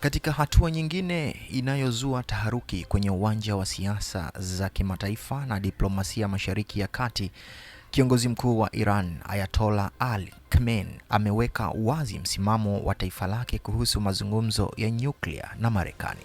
Katika hatua nyingine inayozua taharuki kwenye uwanja wa siasa za kimataifa na diplomasia Mashariki ya Kati, kiongozi mkuu wa Iran Ayatollah Ali Khamenei ameweka wazi msimamo wa taifa lake kuhusu mazungumzo ya nyuklia na Marekani.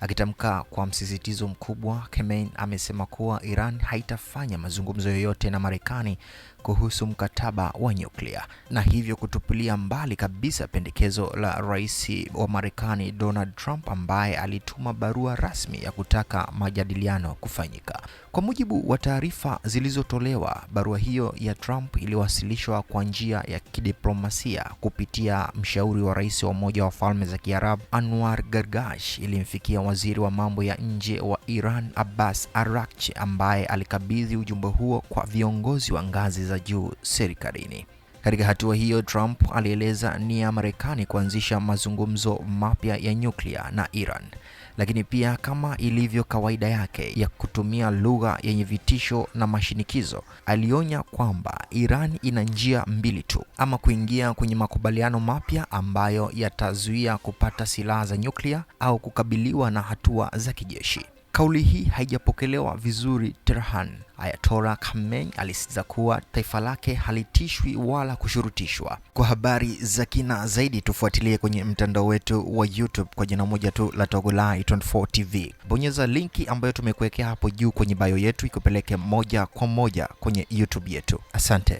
Akitamka kwa msisitizo mkubwa, Khamenei amesema kuwa Iran haitafanya mazungumzo yoyote na Marekani kuhusu mkataba wa nyuklia na hivyo kutupilia mbali kabisa pendekezo la rais wa Marekani Donald Trump ambaye alituma barua rasmi ya kutaka majadiliano kufanyika. Kwa mujibu wa taarifa zilizotolewa, barua hiyo ya Trump iliwasilishwa kwa njia ya kidiplomasia kupitia mshauri wa rais wa Umoja wa Falme za Kiarabu Anwar Gargash, ilimfikia waziri wa mambo ya nje wa Iran Abbas arakchi ambaye alikabidhi ujumbe huo kwa viongozi wa ngazi za za juu serikalini. Katika hatua hiyo, Trump alieleza nia ya Marekani kuanzisha mazungumzo mapya ya nyuklia na Iran, lakini pia kama ilivyo kawaida yake ya kutumia lugha yenye vitisho na mashinikizo, alionya kwamba Iran ina njia mbili tu: ama kuingia kwenye makubaliano mapya ambayo yatazuia kupata silaha za nyuklia au kukabiliwa na hatua za kijeshi. Kauli hii haijapokelewa vizuri terhan Ayatola Khamenei alisisitiza kuwa taifa lake halitishwi wala kushurutishwa. Kwa habari za kina zaidi, tufuatilie kwenye mtandao wetu wa YouTube kwa jina moja tu la Togolai24 TV. Bonyeza linki ambayo tumekuwekea hapo juu kwenye bio yetu, ikupeleke moja kwa moja kwenye YouTube yetu. Asante.